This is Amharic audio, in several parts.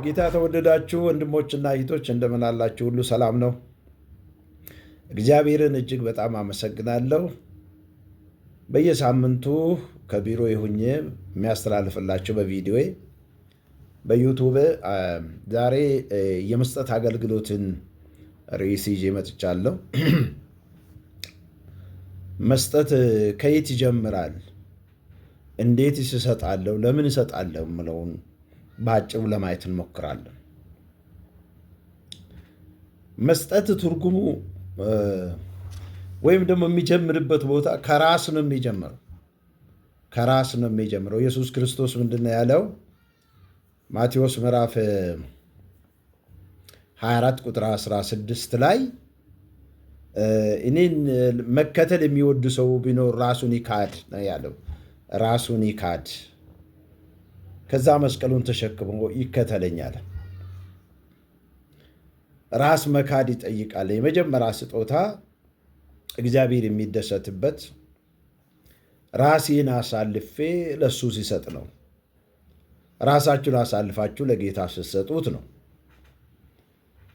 በጌታ ተወደዳችሁ ወንድሞችና እህቶች እንደምን አላችሁ? ሁሉ ሰላም ነው? እግዚአብሔርን እጅግ በጣም አመሰግናለሁ። በየሳምንቱ ከቢሮ ሁኜ የሚያስተላልፍላችሁ በቪዲዮ በዩቱብ ዛሬ የመስጠት አገልግሎትን ርዕስ ይዤ መጥቻለሁ። መስጠት ከየት ይጀምራል? እንዴት ይሰጣለሁ? ለምን ይሰጣለሁ? የምለውን በአጭሩ ለማየት እንሞክራለን። መስጠት ትርጉሙ ወይም ደግሞ የሚጀምርበት ቦታ ከራስ ነው የሚጀምረው ከራስ ነው የሚጀምረው። ኢየሱስ ክርስቶስ ምንድን ነው ያለው? ማቴዎስ ምዕራፍ 24 ቁጥር 16 ላይ እኔን መከተል የሚወድ ሰው ቢኖር ራሱን ይካድ ነው ያለው። ራሱን ይካድ ከዛ መስቀሉን ተሸክሞ ይከተለኛል። ራስ መካድ ይጠይቃል። የመጀመሪያ ስጦታ እግዚአብሔር የሚደሰትበት ራሴን አሳልፌ ለሱ ሲሰጥ ነው። ራሳችሁን አሳልፋችሁ ለጌታ ስትሰጡት ነው።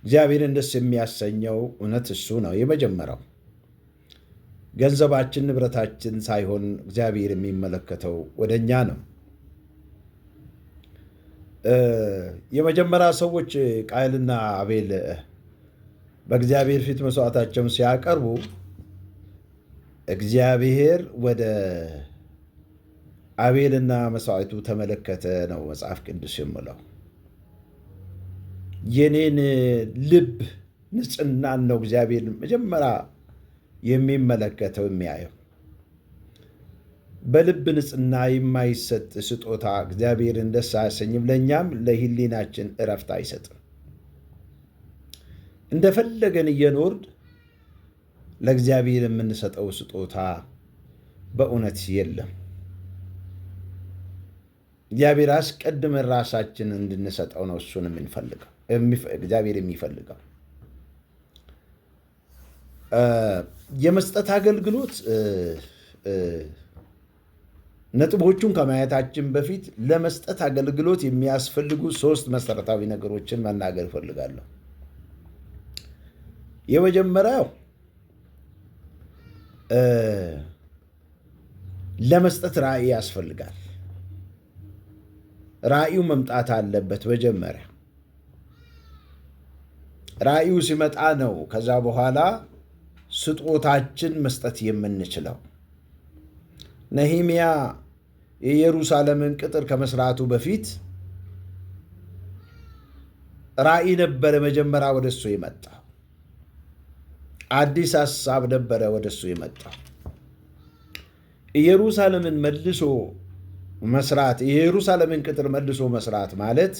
እግዚአብሔርን ደስ የሚያሰኘው እውነት እሱ ነው። የመጀመሪያው ገንዘባችን፣ ንብረታችን ሳይሆን እግዚአብሔር የሚመለከተው ወደ እኛ ነው። የመጀመሪያ ሰዎች ቃይልና አቤል በእግዚአብሔር ፊት መስዋዕታቸውን ሲያቀርቡ እግዚአብሔር ወደ አቤልና መስዋዕቱ ተመለከተ ነው መጽሐፍ ቅዱስ የምለው። የኔን ልብ ንጽህናን ነው እግዚአብሔር መጀመሪያ የሚመለከተው የሚያየው። በልብ ንጽህና የማይሰጥ ስጦታ እግዚአብሔርን ደስ አያሰኝም፣ ለእኛም ለህሊናችን እረፍት አይሰጥም። እንደፈለገን እየኖርን ለእግዚአብሔር የምንሰጠው ስጦታ በእውነት የለም። እግዚአብሔር አስቀድመን ራሳችን እንድንሰጠው ነው እሱን የምንፈልገው እግዚአብሔር የሚፈልገው የመስጠት አገልግሎት ነጥቦቹን ከማየታችን በፊት ለመስጠት አገልግሎት የሚያስፈልጉ ሶስት መሰረታዊ ነገሮችን መናገር እፈልጋለሁ። የመጀመሪያው ለመስጠት ራዕይ ያስፈልጋል። ራዕዩ መምጣት አለበት። መጀመሪያ ራዕዩ ሲመጣ ነው ከዛ በኋላ ስጦታችን መስጠት የምንችለው። ነህምያ የኢየሩሳሌምን ቅጥር ከመስራቱ በፊት ራእይ ነበረ። መጀመሪያ ወደ እሱ የመጣ አዲስ ሀሳብ ነበረ ወደ እሱ የመጣ ኢየሩሳሌምን መልሶ መስራት የኢየሩሳሌምን ቅጥር መልሶ መስራት ማለት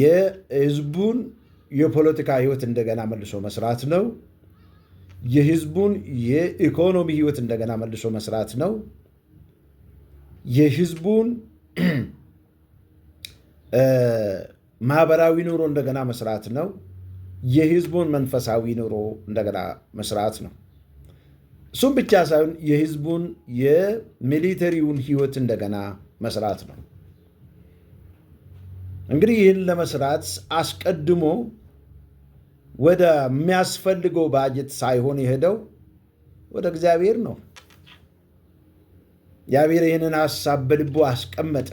የህዝቡን የፖለቲካ ህይወት እንደገና መልሶ መስራት ነው። የህዝቡን የኢኮኖሚ ህይወት እንደገና መልሶ መስራት ነው። የህዝቡን ማህበራዊ ኑሮ እንደገና መስራት ነው። የህዝቡን መንፈሳዊ ኑሮ እንደገና መስራት ነው። እሱም ብቻ ሳይሆን የህዝቡን የሚሊተሪውን ህይወት እንደገና መስራት ነው። እንግዲህ ይህን ለመስራት አስቀድሞ ወደሚያስፈልገው ባጀት ሳይሆን የሄደው ወደ እግዚአብሔር ነው። እግዚአብሔር ይህንን ሀሳብ በልቡ አስቀመጠ።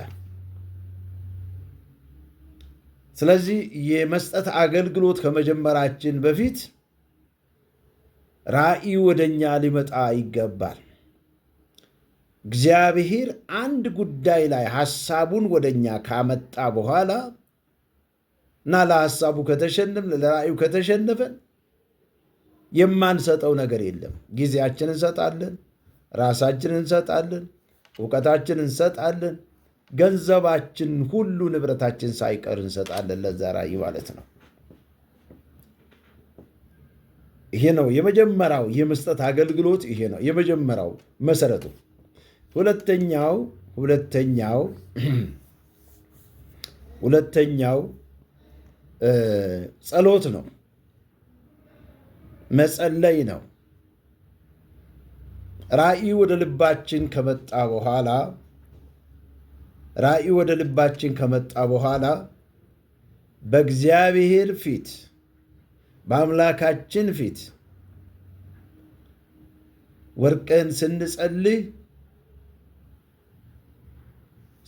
ስለዚህ የመስጠት አገልግሎት ከመጀመራችን በፊት ራእይ ወደኛ ሊመጣ ይገባል። እግዚአብሔር አንድ ጉዳይ ላይ ሀሳቡን ወደኛ ካመጣ በኋላ እና ለሀሳቡ ከተሸንፍ ለራእዩ ከተሸነፈን የማንሰጠው ነገር የለም። ጊዜያችን እንሰጣለን፣ ራሳችን እንሰጣለን፣ እውቀታችን እንሰጣለን፣ ገንዘባችን ሁሉ ንብረታችን ሳይቀር እንሰጣለን ለዛ ራእይ ማለት ነው። ይሄ ነው የመጀመሪያው የመስጠት አገልግሎት። ይሄ ነው የመጀመሪያው መሰረቱ። ሁለተኛው ሁለተኛው ሁለተኛው ጸሎት ነው፣ መጸለይ ነው። ራእይ ወደ ልባችን ከመጣ በኋላ ራእይ ወደ ልባችን ከመጣ በኋላ በእግዚአብሔር ፊት በአምላካችን ፊት ወርቅን ስንጸልይ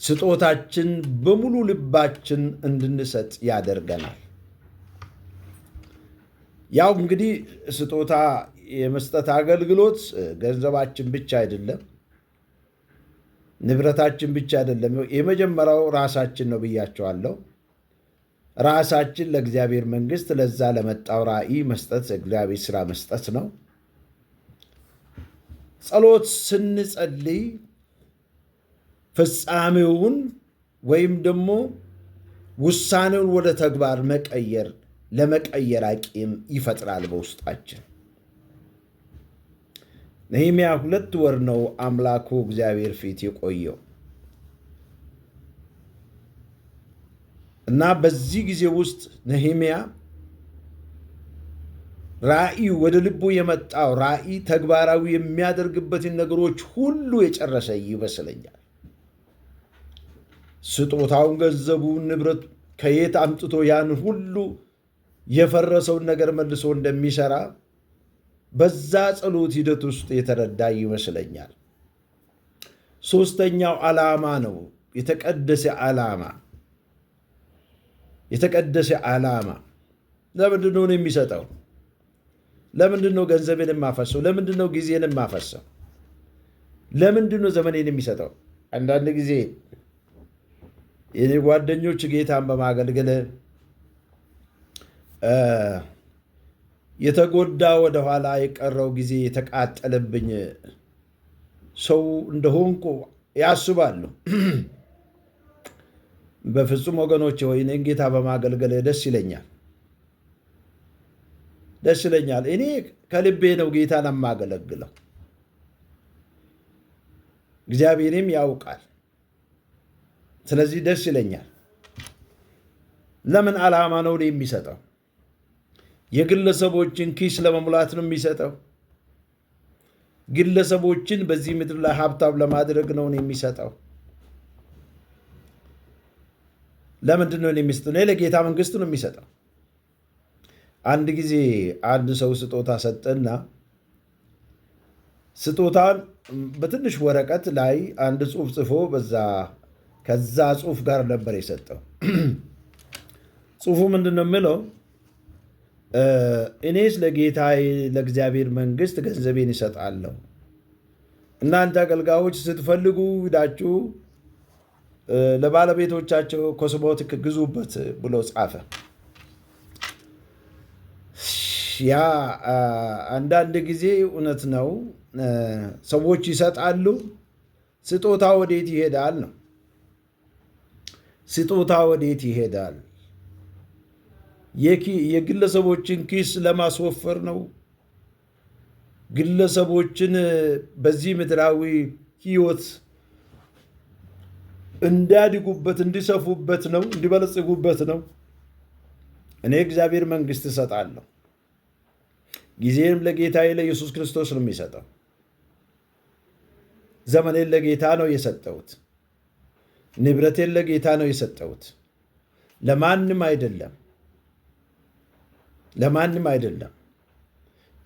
ስጦታችን በሙሉ ልባችን እንድንሰጥ ያደርገናል። ያው እንግዲህ ስጦታ የመስጠት አገልግሎት ገንዘባችን ብቻ አይደለም፣ ንብረታችን ብቻ አይደለም። የመጀመሪያው ራሳችን ነው ብያቸዋለሁ። ራሳችን ለእግዚአብሔር መንግስት ለዛ ለመጣው ራዕይ መስጠት እግዚአብሔር ስራ መስጠት ነው። ጸሎት ስንጸልይ ፍጻሜውን ወይም ደግሞ ውሳኔውን ወደ ተግባር መቀየር ለመቀየር አቂም ይፈጥራል በውስጣችን። ነህምያ ሁለት ወር ነው አምላኩ እግዚአብሔር ፊት የቆየው እና በዚህ ጊዜ ውስጥ ነህምያ ራእይ ወደ ልቡ የመጣው ራእይ ተግባራዊ የሚያደርግበትን ነገሮች ሁሉ የጨረሰ ይመስለኛል። ስጦታውን፣ ገንዘቡን፣ ንብረት ከየት አምጥቶ ያን ሁሉ የፈረሰውን ነገር መልሶ እንደሚሰራ በዛ ጸሎት ሂደት ውስጥ የተረዳ ይመስለኛል። ሶስተኛው ዓላማ ነው፣ የተቀደሰ ዓላማ። የተቀደሰ ዓላማ ለምንድን ነው የሚሰጠው? ለምንድን ነው ገንዘቤን የማፈሰው? ለምንድን ነው ጊዜን የማፈሰው? ለምንድን ነው ዘመኔን የሚሰጠው? አንዳንድ ጊዜ የኔ ጓደኞች ጌታን በማገልገል የተጎዳ ወደ ኋላ የቀረው ጊዜ የተቃጠለብኝ ሰው እንደሆንኩ ያስባሉ። በፍጹም ወገኖች ሆይ እኔን ጌታ በማገልገል ደስ ይለኛል፣ ደስ ይለኛል። እኔ ከልቤ ነው ጌታን የማገለግለው። እግዚአብሔርም ያውቃል። ስለዚህ ደስ ይለኛል። ለምን ዓላማ ነው የሚሰጠው የግለሰቦችን ኪስ ለመሙላት ነው የሚሰጠው። ግለሰቦችን በዚህ ምድር ላይ ሀብታም ለማድረግ ነው የሚሰጠው። ለምንድን ነው የሚሰጠው? እኔ ለጌታ መንግስት ነው የሚሰጠው። አንድ ጊዜ አንድ ሰው ስጦታ ሰጠና ስጦታን በትንሽ ወረቀት ላይ አንድ ጽሑፍ ጽፎ በዛ ከዛ ጽሑፍ ጋር ነበር የሰጠው። ጽሑፉ ምንድን ነው የሚለው? እኔስ ለጌታ ለእግዚአብሔር መንግስት ገንዘቤን ይሰጣለሁ እናንተ አገልጋዮች ስትፈልጉ ሂዳችሁ ለባለቤቶቻቸው ኮስሞቲክ ግዙበት ብሎ ጻፈ። ያ አንዳንድ ጊዜ እውነት ነው። ሰዎች ይሰጣሉ፣ ስጦታ ወዴት ይሄዳል ነው። ስጦታ ወዴት ይሄዳል? የግለሰቦችን ኪስ ለማስወፈር ነው። ግለሰቦችን በዚህ ምድራዊ ህይወት እንዳድጉበት እንዲሰፉበት ነው፣ እንዲበለጽጉበት ነው። እኔ እግዚአብሔር መንግስት እሰጣለሁ፣ ጊዜንም ለጌታዬ ለኢየሱስ ክርስቶስ ነው የሚሰጠው። ዘመኔን ለጌታ ነው የሰጠሁት። ንብረቴን ለጌታ ነው የሰጠሁት፣ ለማንም አይደለም። ለማንም አይደለም።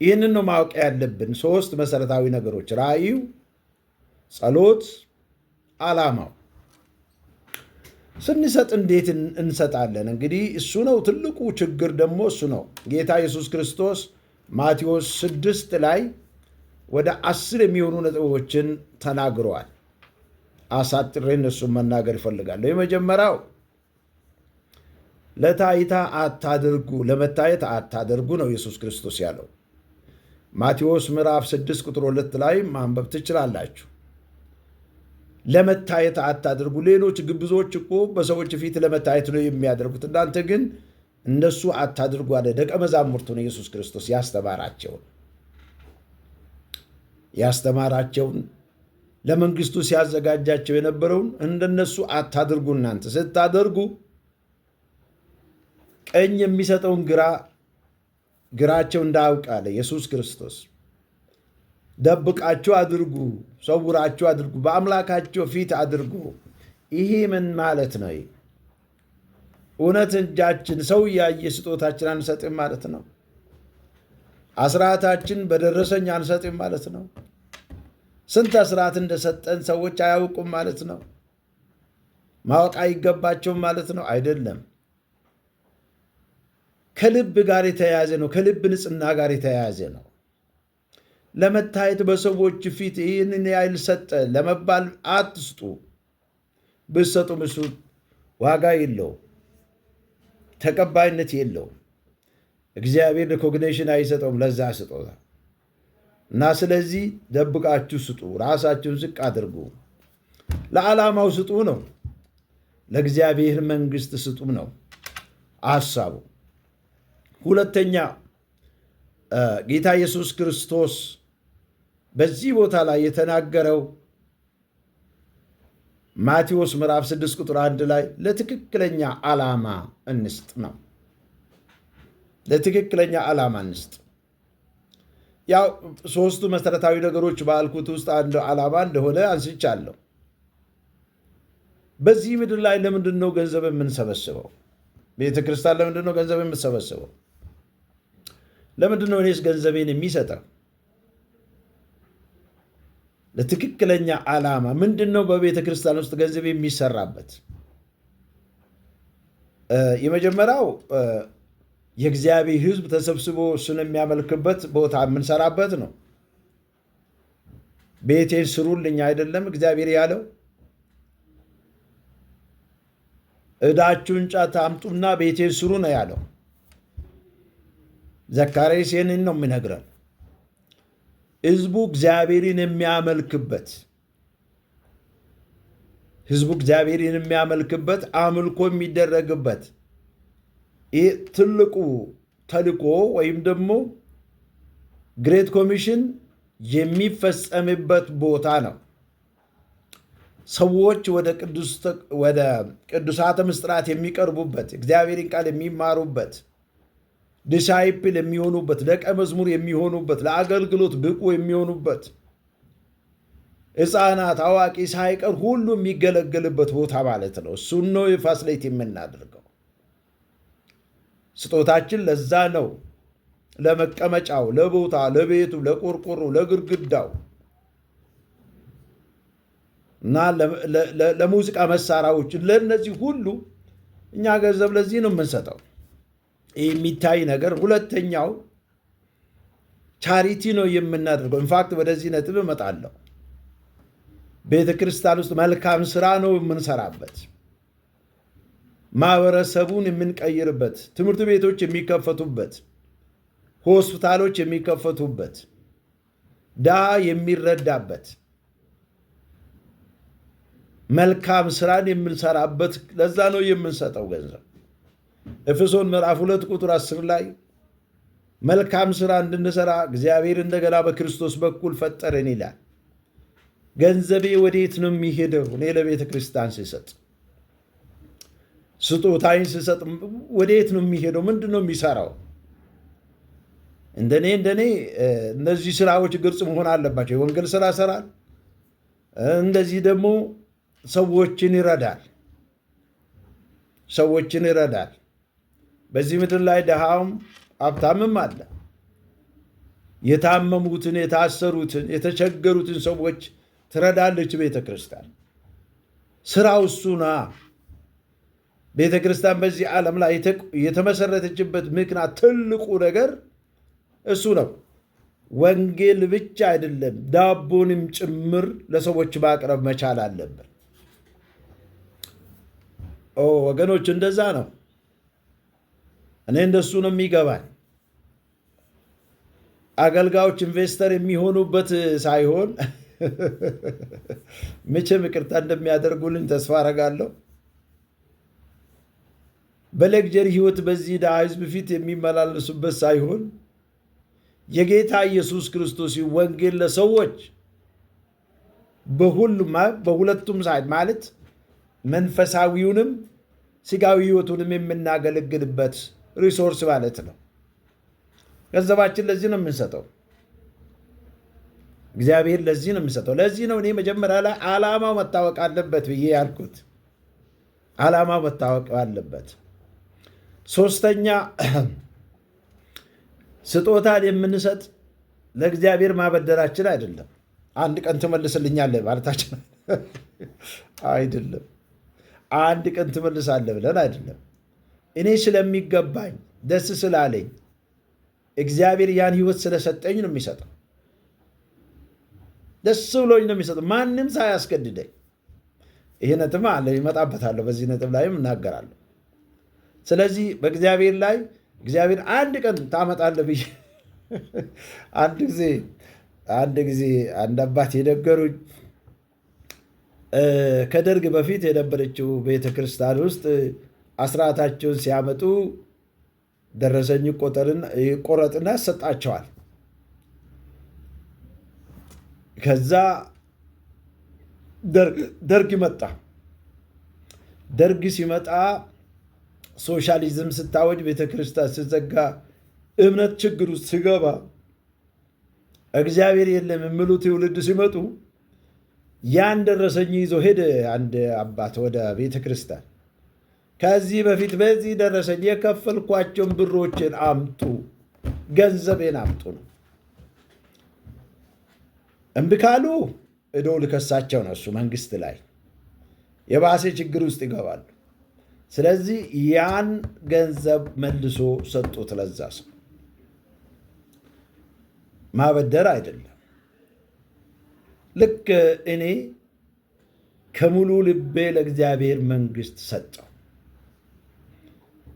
ይህንን ነው ማወቅ ያለብን። ሶስት መሰረታዊ ነገሮች ራእዩ፣ ጸሎት፣ አላማው ስንሰጥ እንዴት እንሰጣለን? እንግዲህ እሱ ነው ትልቁ ችግር ደግሞ እሱ ነው። ጌታ ኢየሱስ ክርስቶስ ማቴዎስ ስድስት ላይ ወደ አስር የሚሆኑ ነጥቦችን ተናግረዋል። አሳጥሬ እነሱን መናገር ይፈልጋለሁ። የመጀመሪያው ለታይታ አታድርጉ፣ ለመታየት አታድርጉ ነው ኢየሱስ ክርስቶስ ያለው። ማቴዎስ ምዕራፍ 6 ቁጥር 2 ላይ ማንበብ ትችላላችሁ። ለመታየት አታድርጉ። ሌሎች ግብዞች እኮ በሰዎች ፊት ለመታየት ነው የሚያደርጉት። እናንተ ግን እንደሱ አታድርጉ አለ። ደቀ መዛሙርቱ ነው ኢየሱስ ክርስቶስ ያስተማራቸውን ያስተማራቸውን ለመንግስቱ ሲያዘጋጃቸው የነበረውን እንደነሱ አታድርጉ እናንተ ስታደርጉ ቀኝ የሚሰጠውን ግራ ግራቸው እንዳያውቅ አለ ኢየሱስ ክርስቶስ። ደብቃችሁ አድርጉ፣ ሰውራችሁ አድርጉ፣ በአምላካቸው ፊት አድርጉ። ይሄ ምን ማለት ነው? እውነት እጃችን ሰው እያየ ስጦታችን አንሰጥም ማለት ነው። አስራታችን በደረሰኝ አንሰጥም ማለት ነው። ስንት አስራት እንደሰጠን ሰዎች አያውቁም ማለት ነው። ማወቅ አይገባቸውም ማለት ነው አይደለም። ከልብ ጋር የተያያዘ ነው። ከልብ ንጽህና ጋር የተያያዘ ነው። ለመታየት በሰዎች ፊት ይህንን ያህል ሰጠ ለመባል አትስጡ። ብሰጡ ምሱ ዋጋ የለው ተቀባይነት የለውም። እግዚአብሔር ሪኮግኔሽን አይሰጠውም ለዛ ስጦታ እና ስለዚህ ደብቃችሁ ስጡ፣ ራሳችሁን ዝቅ አድርጉ። ለዓላማው ስጡ ነው። ለእግዚአብሔር መንግስት ስጡ ነው አሳቡ። ሁለተኛ ጌታ ኢየሱስ ክርስቶስ በዚህ ቦታ ላይ የተናገረው ማቴዎስ ምዕራፍ 6 ቁጥር 1 ላይ ለትክክለኛ ዓላማ እንስጥ ነው። ለትክክለኛ ዓላማ እንስጥ። ያው ሶስቱ መሰረታዊ ነገሮች በአልኩት ውስጥ አንድ ዓላማ እንደሆነ አንስቻለሁ። በዚህ ምድር ላይ ለምንድን ነው ገንዘብ የምንሰበስበው? ቤተ ክርስቲያን ለምንድን ነው ገንዘብ የምትሰበስበው? ለምንድን ነው እኔስ ገንዘቤን የሚሰጠው? ለትክክለኛ ዓላማ ምንድን ነው በቤተ ክርስቲያን ውስጥ ገንዘብ የሚሰራበት? የመጀመሪያው የእግዚአብሔር ሕዝብ ተሰብስቦ እሱን የሚያመልክበት ቦታ የምንሰራበት ነው። ቤቴን ስሩልኝ አይደለም እግዚአብሔር ያለው? እዳችሁን ጫት አምጡና ቤቴን ስሩ ነው ያለው። ዘካርያስ ይህንን ነው የሚነግረን። ህዝቡ እግዚአብሔርን የሚያመልክበት ህዝቡ እግዚአብሔርን የሚያመልክበት አምልኮ የሚደረግበት ይህ ትልቁ ተልኮ ወይም ደግሞ ግሬት ኮሚሽን የሚፈጸምበት ቦታ ነው። ሰዎች ወደ ቅዱሳተ ምስጥራት የሚቀርቡበት፣ እግዚአብሔርን ቃል የሚማሩበት ዲሳይፕል የሚሆኑበት ደቀ መዝሙር የሚሆኑበት ለአገልግሎት ብቁ የሚሆኑበት ሕፃናት አዋቂ ሳይቀር ሁሉ የሚገለገልበት ቦታ ማለት ነው። እሱን ነው የፋሲሌት የምናደርገው። ስጦታችን ለዛ ነው፣ ለመቀመጫው፣ ለቦታ፣ ለቤቱ፣ ለቆርቆሮ፣ ለግርግዳው እና ለሙዚቃ መሳሪያዎች፣ ለእነዚህ ሁሉ እኛ ገንዘብ ለዚህ ነው የምንሰጠው። የሚታይ ነገር። ሁለተኛው ቻሪቲ ነው የምናደርገው። ኢንፋክት ወደዚህ ነጥብ እመጣለሁ። ቤተ ክርስቲያን ውስጥ መልካም ስራ ነው የምንሰራበት፣ ማህበረሰቡን የምንቀይርበት፣ ትምህርት ቤቶች የሚከፈቱበት፣ ሆስፒታሎች የሚከፈቱበት፣ ድሃ የሚረዳበት መልካም ስራን የምንሰራበት። ለዛ ነው የምንሰጠው ገንዘብ ኤፌሶን ምዕራፍ ሁለት ቁጥር አስር ላይ መልካም ስራ እንድንሰራ እግዚአብሔር እንደገና በክርስቶስ በኩል ፈጠረን ይላል። ገንዘቤ ወዴት ነው የሚሄደው? እኔ ለቤተ ክርስቲያን ስሰጥ፣ ስጦታይን ስሰጥ ወዴት ነው የሚሄደው? ምንድን ነው የሚሰራው? እንደኔ እንደኔ እነዚህ ስራዎች ግልጽ መሆን አለባቸው። የወንጌል ስራ ሰራል፣ እንደዚህ ደግሞ ሰዎችን ይረዳል፣ ሰዎችን ይረዳል። በዚህ ምድር ላይ ድሃውም ሀብታምም አለ። የታመሙትን፣ የታሰሩትን፣ የተቸገሩትን ሰዎች ትረዳለች ቤተ ክርስቲያን። ስራው እሱና ቤተ ክርስቲያን በዚህ ዓለም ላይ የተመሰረተችበት ምክንያት ትልቁ ነገር እሱ ነው። ወንጌል ብቻ አይደለም፣ ዳቦንም ጭምር ለሰዎች ማቅረብ መቻል አለብን። ወገኖች እንደዛ ነው። እኔ እንደሱ ነው የሚገባኝ። አገልጋዮች ኢንቨስተር የሚሆኑበት ሳይሆን መቼም ይቅርታ እንደሚያደርጉልኝ ተስፋ አረጋለሁ። በለግጀሪ ህይወት በዚህ ድሃ ህዝብ ፊት የሚመላለሱበት ሳይሆን የጌታ ኢየሱስ ክርስቶስ ወንጌል ለሰዎች በሁሉም በሁለቱም ሳይት ማለት መንፈሳዊውንም ስጋዊ ህይወቱንም የምናገለግልበት ሪሶርስ ማለት ነው። ገንዘባችን ለዚህ ነው የምንሰጠው። እግዚአብሔር ለዚህ ነው የምንሰጠው። ለዚህ ነው እኔ መጀመሪያ ላይ ዓላማው መታወቅ አለበት ብዬ ያልኩት። ዓላማው መታወቅ አለበት። ሶስተኛ ስጦታን የምንሰጥ ለእግዚአብሔር ማበደራችን አይደለም። አንድ ቀን ትመልስልኛለህ ማለታችን አይደለም። አንድ ቀን ትመልሳለህ ብለን አይደለም። እኔ ስለሚገባኝ ደስ ስላለኝ እግዚአብሔር ያን ህይወት ስለሰጠኝ ነው የሚሰጠው። ደስ ብሎኝ ነው የሚሰጠው፣ ማንም ሳያስገድደኝ። ይህ ነጥብ አለ፣ ይመጣበታለሁ። በዚህ ነጥብ ላይም እናገራለሁ። ስለዚህ በእግዚአብሔር ላይ እግዚአብሔር አንድ ቀን ታመጣለህ ብዬ አንድ ጊዜ አንድ ጊዜ አንድ አባት የነገሩኝ ከደርግ በፊት የነበረችው ቤተክርስቲያን ውስጥ አስራታቸውን ሲያመጡ ደረሰኝ ቆረጥና ይሰጣቸዋል። ከዛ ደርግ መጣ። ደርግ ሲመጣ ሶሻሊዝም ስታወጅ፣ ቤተክርስቲያን ስዘጋ፣ እምነት ችግር ውስጥ ሲገባ፣ እግዚአብሔር የለም የሚሉ ትውልድ ሲመጡ ያን ደረሰኝ ይዞ ሄደ አንድ አባት ወደ ቤተክርስቲያን ከዚህ በፊት በዚህ ደረሰኝ የከፈልኳቸውን ብሮችን አምጡ፣ ገንዘቤን አምጡ ነው። እምቢ ካሉ እዶ ልከሳቸው ነው እሱ መንግስት ላይ የባሴ ችግር ውስጥ ይገባሉ። ስለዚህ ያን ገንዘብ መልሶ ሰጡት ለዛ ሰው። ማበደር አይደለም። ልክ እኔ ከሙሉ ልቤ ለእግዚአብሔር መንግስት ሰጠው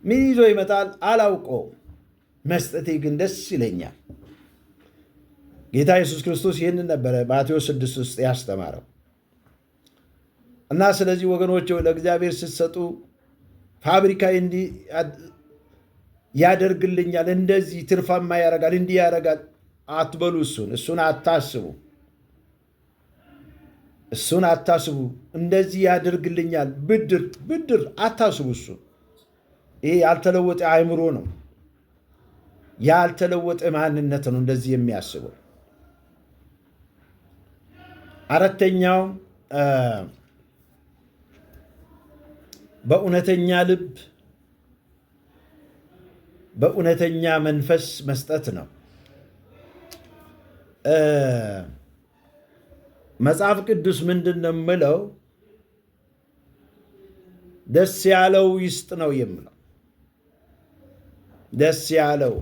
ምን ይዞ ይመጣል አላውቀውም። መስጠቴ ግን ደስ ይለኛል። ጌታ ኢየሱስ ክርስቶስ ይህንን ነበረ ማቴዎስ ስድስት ውስጥ ያስተማረው እና ስለዚህ ወገኖች ለእግዚአብሔር ስትሰጡ ፋብሪካ እንዲህ ያደርግልኛል፣ እንደዚህ ትርፋማ ያደርጋል፣ እንዲህ ያረጋል አትበሉ። እሱን እሱን አታስቡ እሱን አታስቡ። እንደዚህ ያደርግልኛል ብድር ብድር አታስቡ እሱን ይሄ ያልተለወጠ አእምሮ ነው፣ ያልተለወጠ ማንነት ነው እንደዚህ የሚያስበው። አራተኛው በእውነተኛ ልብ በእውነተኛ መንፈስ መስጠት ነው። መጽሐፍ ቅዱስ ምንድን ነው የምለው? ደስ ያለው ይስጥ ነው የምለው። ደስ ያለው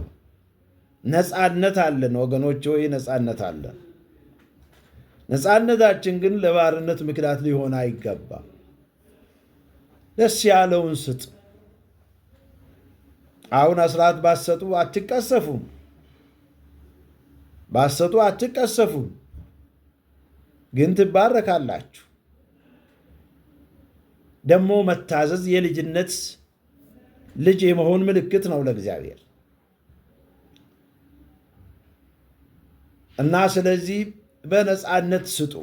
ነፃነት አለን ወገኖች ሆይ ነፃነት አለን። ነፃነታችን ግን ለባርነት ምክንያት ሊሆን አይገባም። ደስ ያለውን ስጥ። አሁን አስራት ባሰጡ አትቀሰፉም፣ ባሰጡ አትቀሰፉም፣ ግን ትባረካላችሁ። ደግሞ መታዘዝ የልጅነት ልጅ የመሆን ምልክት ነው ለእግዚአብሔር እና ስለዚህ በነፃነት ስጡ፣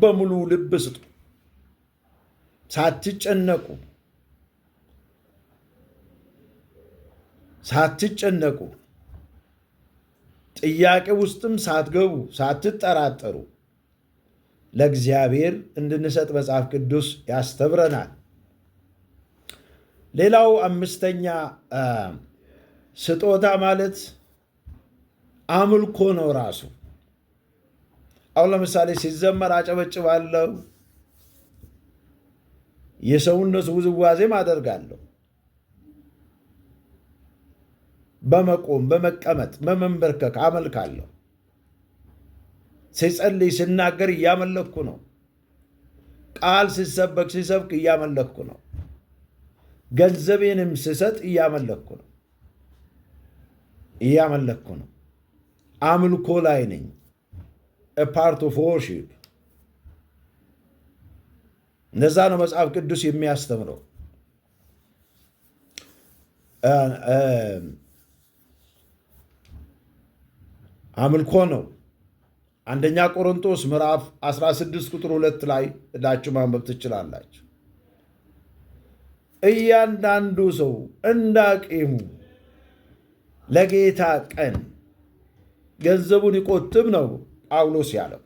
በሙሉ ልብ ስጡ፣ ሳትጨነቁ ሳትጨነቁ ጥያቄ ውስጥም ሳትገቡ ሳትጠራጠሩ ለእግዚአብሔር እንድንሰጥ መጽሐፍ ቅዱስ ያስተብረናል። ሌላው አምስተኛ ስጦታ ማለት አምልኮ ነው ራሱ። አሁን ለምሳሌ ሲዘመር አጨበጭባለሁ፣ የሰውነት ውዝዋዜም አደርጋለሁ። በመቆም በመቀመጥ በመንበርከክ አመልካለሁ። ሲጸልይ ሲናገር እያመለኩ ነው። ቃል ሲሰበክ ሲሰብክ እያመለኩ ነው። ገንዘቤንም ስሰጥ እያመለኩ ነው እያመለኩ ነው። አምልኮ ላይ ነኝ። ፓርት ኦፍ ወርሺፕ እነዛ ነው መጽሐፍ ቅዱስ የሚያስተምረው። አምልኮ ነው። አንደኛ ቆሮንቶስ ምዕራፍ 16 ቁጥር ሁለት ላይ እዳችሁ ማንበብ ትችላላችሁ። እያንዳንዱ ሰው እንዳቂሙ ለጌታ ቀን ገንዘቡን ይቆጥብ ነው ጳውሎስ ያለው።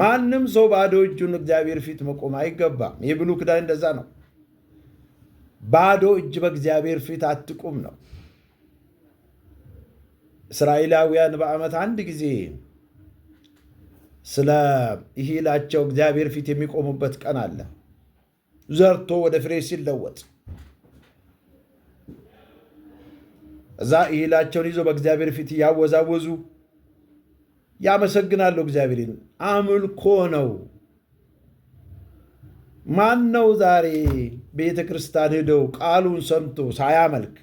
ማንም ሰው ባዶ እጁን እግዚአብሔር ፊት መቆም አይገባም። የብሉይ ኪዳን እንደዛ ነው። ባዶ እጅ በእግዚአብሔር ፊት አትቁም ነው። እስራኤላውያን በዓመት አንድ ጊዜ ስለ እህላቸው እግዚአብሔር ፊት የሚቆሙበት ቀን አለ። ዘርቶ ወደ ፍሬ ሲለወጥ እዛ እህላቸውን ይዘው በእግዚአብሔር ፊት እያወዛወዙ ያመሰግናሉ። እግዚአብሔርን አምልኮ ነው። ማን ነው ዛሬ ቤተ ክርስቲያን ሄደው ቃሉን ሰምቶ ሳያመልክ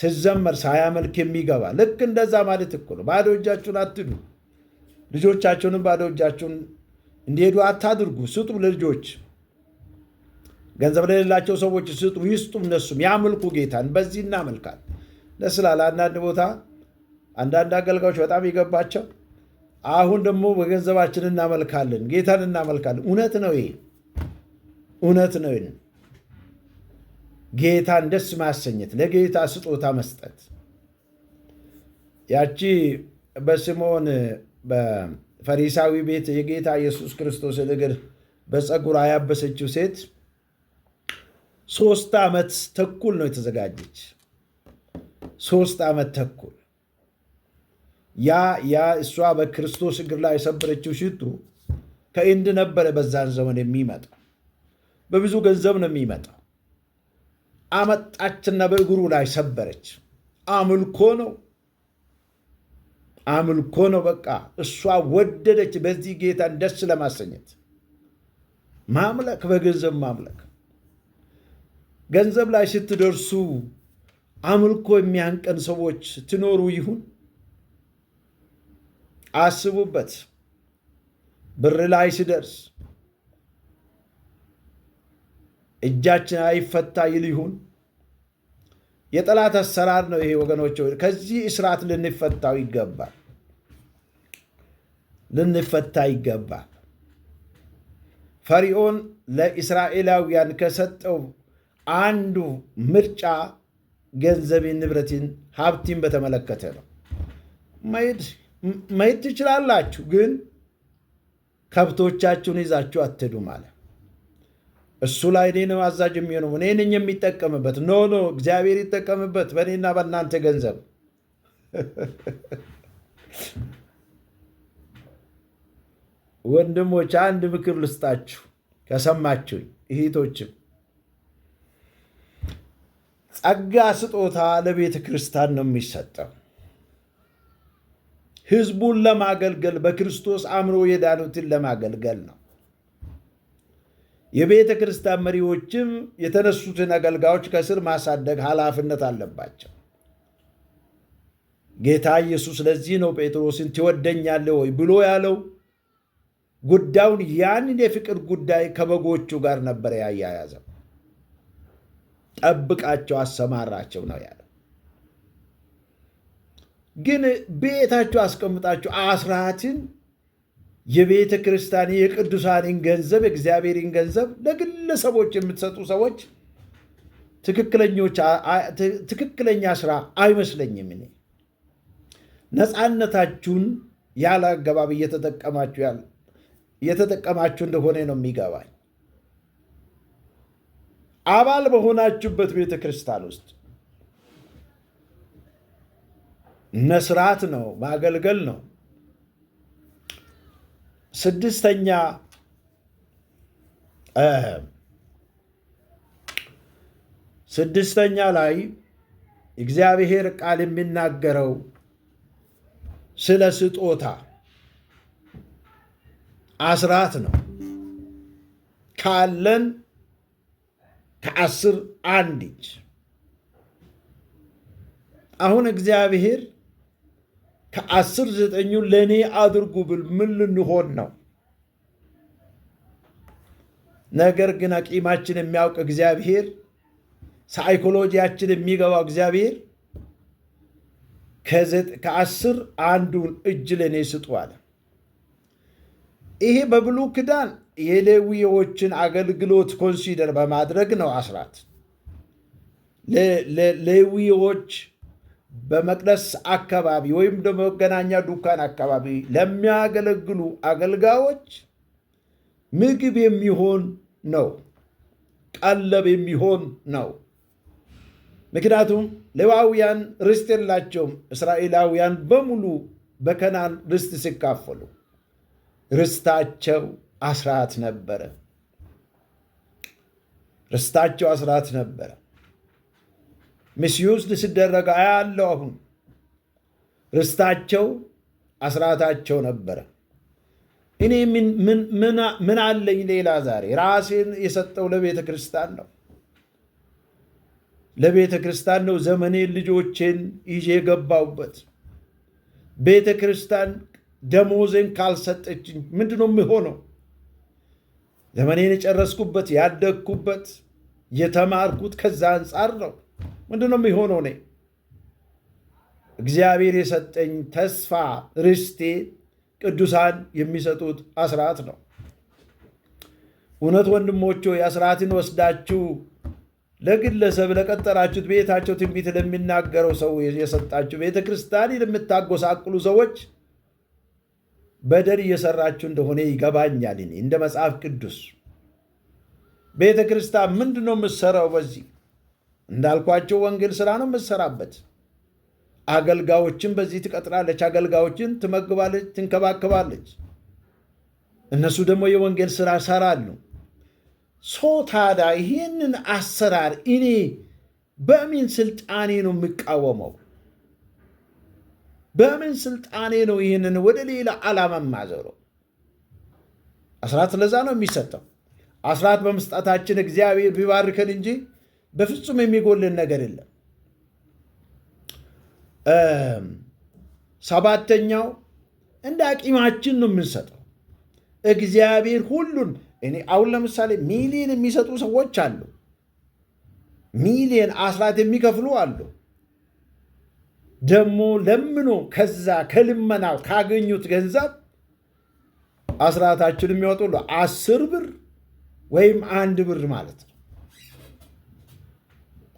ሲዘመር ሳያመልክ የሚገባ? ልክ እንደዛ ማለት እኮ ነው። ባዶ እጃችሁን አትዱ። ልጆቻችሁንም ባዶ እጃችሁን እንዲሄዱ አታድርጉ። ስጡ ለልጆች ገንዘብ ለሌላቸው ሰዎች ስጡ፣ ይስጡ፣ እነሱም ያምልኩ ጌታን። በዚህ እናመልካል ለስላለ አንዳንድ ቦታ አንዳንድ አገልጋዮች በጣም የገባቸው አሁን ደግሞ በገንዘባችን እናመልካለን፣ ጌታን እናመልካለን። እውነት ነው ይሄ እውነት ነው። ይህን ጌታን ደስ ማሰኘት፣ ለጌታ ስጦታ መስጠት ያቺ በስምዖን በፈሪሳዊ ቤት የጌታ ኢየሱስ ክርስቶስን እግር በፀጉር አያበሰችው ሴት ሶስት ዓመት ተኩል ነው የተዘጋጀች። ሶስት ዓመት ተኩል ያ ያ እሷ በክርስቶስ እግር ላይ የሰበረችው ሽቱ ከእንድ ነበረ በዛን ዘመን የሚመጣው። በብዙ ገንዘብ ነው የሚመጣው። አመጣችና በእግሩ ላይ ሰበረች። አምልኮ ነው አምልኮ ነው። በቃ እሷ ወደደች። በዚህ ጌታን ደስ ለማሰኘት ማምለክ፣ በገንዘብ ማምለክ ገንዘብ ላይ ስትደርሱ አምልኮ የሚያንቀን ሰዎች ትኖሩ ይሁን? አስቡበት። ብር ላይ ሲደርስ እጃችን አይፈታ ይል ይሁን? የጠላት አሰራር ነው ይሄ ወገኖች። ከዚህ እስራት ልንፈታው ይገባል፣ ልንፈታ ይገባል። ፈሪዖን ለእስራኤላውያን ከሰጠው አንዱ ምርጫ ገንዘቤን፣ ንብረቴን፣ ሀብቴን በተመለከተ ነው። መሄድ ትችላላችሁ፣ ግን ከብቶቻችሁን ይዛችሁ አትሄዱ ማለት እሱ ላይ እኔ ነው አዛዥ የሚሆነው እኔ ነኝ የሚጠቀምበት። ኖ ኖ እግዚአብሔር ይጠቀምበት በእኔና በእናንተ ገንዘብ። ወንድሞች አንድ ምክር ልስጣችሁ ከሰማችሁኝ እህቶችም ጸጋ ስጦታ ለቤተ ክርስቲያን ነው የሚሰጠው። ህዝቡን ለማገልገል በክርስቶስ አምሮ የዳኑትን ለማገልገል ነው። የቤተ ክርስቲያን መሪዎችም የተነሱትን አገልጋዮች ከስር ማሳደግ ኃላፊነት አለባቸው። ጌታ ኢየሱስ ለዚህ ነው ጴጥሮስን ትወደኛለህ ወይ ብሎ ያለው። ጉዳዩን ያንን የፍቅር ጉዳይ ከበጎቹ ጋር ነበር ያያያዘው። ጠብቃቸው አሰማራቸው ነው ያለው። ግን ቤታችሁ አስቀምጣችሁ አስራትን የቤተ ክርስቲያን የቅዱሳንን ገንዘብ የእግዚአብሔርን ገንዘብ ለግለሰቦች የምትሰጡ ሰዎች ትክክለኛ ስራ አይመስለኝም። እኔ ነፃነታችሁን ያለ አገባብ እየተጠቀማችሁ እንደሆነ ነው የሚገባኝ። አባል በሆናችሁበት ቤተ ክርስቲያን ውስጥ መስራት ነው፣ ማገልገል ነው። ስድስተኛ ስድስተኛ ላይ እግዚአብሔር ቃል የሚናገረው ስለ ስጦታ አስራት ነው ካለን ከአስር አንድ እጅ። አሁን እግዚአብሔር ከአስር ዘጠኙ ለእኔ አድርጉ ብል ምን ልንሆን ነው? ነገር ግን አቂማችን የሚያውቅ እግዚአብሔር፣ ሳይኮሎጂያችን የሚገባው እግዚአብሔር ከአስር አንዱን እጅ ለእኔ ስጡ አለ። ይሄ በብሉ ክዳን የሌዊዎችን አገልግሎት ኮንሲደር በማድረግ ነው አስራት። ሌዊዎች በመቅደስ አካባቢ ወይም ደግሞ መገናኛ ዱካን አካባቢ ለሚያገለግሉ አገልጋዮች ምግብ የሚሆን ነው፣ ቀለብ የሚሆን ነው። ምክንያቱም ሌዋውያን ርስት የላቸውም። እስራኤላውያን በሙሉ በከናን ርስት ሲካፈሉ ርስታቸው አስራት ነበረ። ርስታቸው አስራት ነበረ። ሚስዩዝድ ሲደረግ አያለው። አሁን ርስታቸው አስራታቸው ነበረ። እኔ ምን አለኝ ሌላ? ዛሬ ራሴን የሰጠው ለቤተ ክርስቲያን ነው ለቤተ ክርስቲያን ነው። ዘመኔን ልጆቼን ይዤ የገባውበት ቤተ ክርስቲያን ደሞዜን ካልሰጠችኝ ምንድን ነው ዘመኔን የጨረስኩበት ያደግኩበት የተማርኩት ከዛ አንጻር ነው። ምንድን ነው የሚሆነው? እኔ እግዚአብሔር የሰጠኝ ተስፋ ርስቴ ቅዱሳን የሚሰጡት አስራት ነው። እውነት ወንድሞቼ የአስራትን ወስዳችሁ ለግለሰብ ለቀጠራችሁት ቤታቸው ትንቢት ለሚናገረው ሰው የሰጣችሁ ቤተ ክርስቲያን ለምታጎሳቅሉ ሰዎች በደል እየሰራችሁ እንደሆነ ይገባኛል። እኔ እንደ መጽሐፍ ቅዱስ ቤተ ክርስቲያን ምንድን ነው የምትሰራው? በዚህ እንዳልኳቸው ወንጌል ስራ ነው የምትሰራበት። አገልጋዮችን በዚህ ትቀጥራለች፣ አገልጋዮችን ትመግባለች፣ ትንከባከባለች። እነሱ ደግሞ የወንጌል ስራ ሰራሉ። ሶ ታዲያ ይህንን አሰራር እኔ በምን ስልጣኔ ነው የሚቃወመው? በምን ስልጣኔ ነው ይህንን ወደ ሌላ ዓላማ ማዘረው? አስራት ለዛ ነው የሚሰጠው። አስራት በመስጣታችን እግዚአብሔር ቢባርከን እንጂ በፍጹም የሚጎልን ነገር የለም። ሰባተኛው እንደ አቂማችን ነው የምንሰጠው። እግዚአብሔር ሁሉን እኔ አሁን ለምሳሌ ሚሊዮን የሚሰጡ ሰዎች አሉ። ሚሊዮን አስራት የሚከፍሉ አሉ። ደግሞ ለምኖ ከዛ ከልመናው ካገኙት ገንዘብ አስራታችን የሚወጡሉ አስር ብር ወይም አንድ ብር ማለት ነው።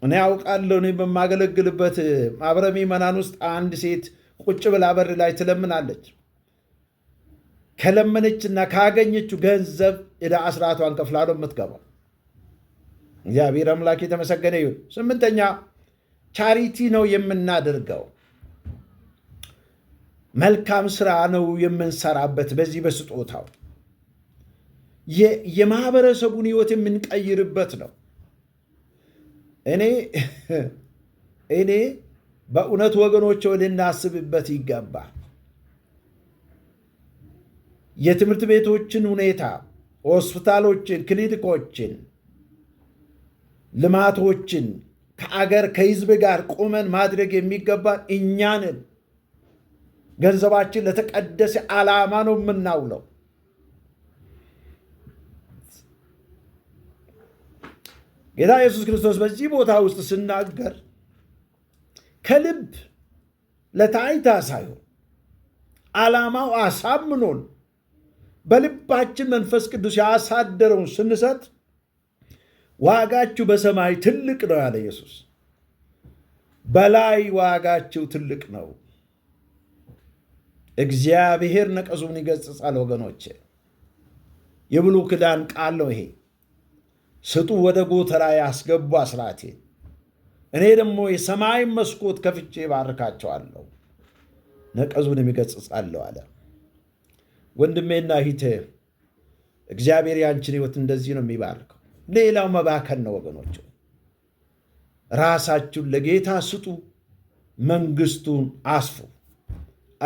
እኔ ያውቃለሁ። እኔ በማገለግልበት ማህበረ ምዕመናን ውስጥ አንድ ሴት ቁጭ ብላ በር ላይ ትለምናለች። ከለመነችና ካገኘችው ገንዘብ ዕዳ አስራቷን ከፍላ ነው የምትገባው። እግዚአብሔር አምላክ የተመሰገነ ይሁን። ስምንተኛ ቻሪቲ ነው የምናደርገው መልካም ስራ ነው የምንሰራበት። በዚህ በስጦታው የማህበረሰቡን ህይወት የምንቀይርበት ነው። እኔ እኔ በእውነት ወገኖች ልናስብበት ይገባ የትምህርት ቤቶችን ሁኔታ፣ ሆስፒታሎችን፣ ክሊኒኮችን፣ ልማቶችን ከአገር ከህዝብ ጋር ቁመን ማድረግ የሚገባን እኛንን ገንዘባችን ለተቀደሰ ዓላማ ነው የምናውለው። ጌታ ኢየሱስ ክርስቶስ በዚህ ቦታ ውስጥ ስናገር ከልብ ለታይታ ሳይሆን ዓላማው አሳምኖን በልባችን መንፈስ ቅዱስ ያሳደረውን ስንሰጥ ዋጋችሁ በሰማይ ትልቅ ነው ያለ ኢየሱስ በላይ ዋጋችሁ ትልቅ ነው እግዚአብሔር ነቀዙን ይገጽጻል። ወገኖች የብሉ ክዳን ቃል ነው ይሄ። ስጡ ወደ ጎተራ ያስገቡ አስራቴ፣ እኔ ደግሞ የሰማይ መስኮት ከፍቼ ባርካቸዋለሁ፣ ነቀዙን የሚገጽጻለሁ አለ። ወንድሜና እህቴ እግዚአብሔር ያንችን ህይወት እንደዚህ ነው የሚባርከው። ሌላው መባከን ነው ወገኖች። ራሳችሁን ለጌታ ስጡ፣ መንግስቱን አስፉ።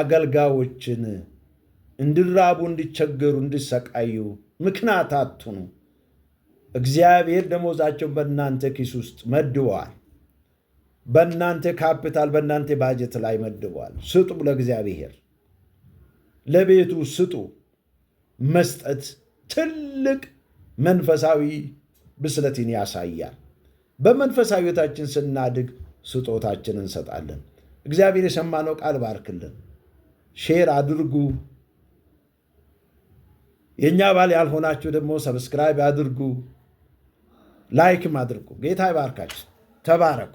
አገልጋዮችን እንዲራቡ፣ እንዲቸገሩ፣ እንዲሰቃዩ ምክንያት አትኑ። እግዚአብሔር ደሞዛቸውን በእናንተ ኪስ ውስጥ መድበዋል። በእናንተ ካፒታል፣ በእናንተ ባጀት ላይ መድበዋል። ስጡ፣ ለእግዚአብሔር ለቤቱ ስጡ። መስጠት ትልቅ መንፈሳዊ ብስለትን ያሳያል። በመንፈሳዊ ሕይወታችን ስናድግ ስጦታችን እንሰጣለን። እግዚአብሔር የሰማነው ቃል ባርክልን። ሼር አድርጉ። የእኛ ባል ያልሆናችሁ ደግሞ ሰብስክራይብ አድርጉ፣ ላይክም አድርጉ። ጌታ ይባርካችሁ። ተባረኩ።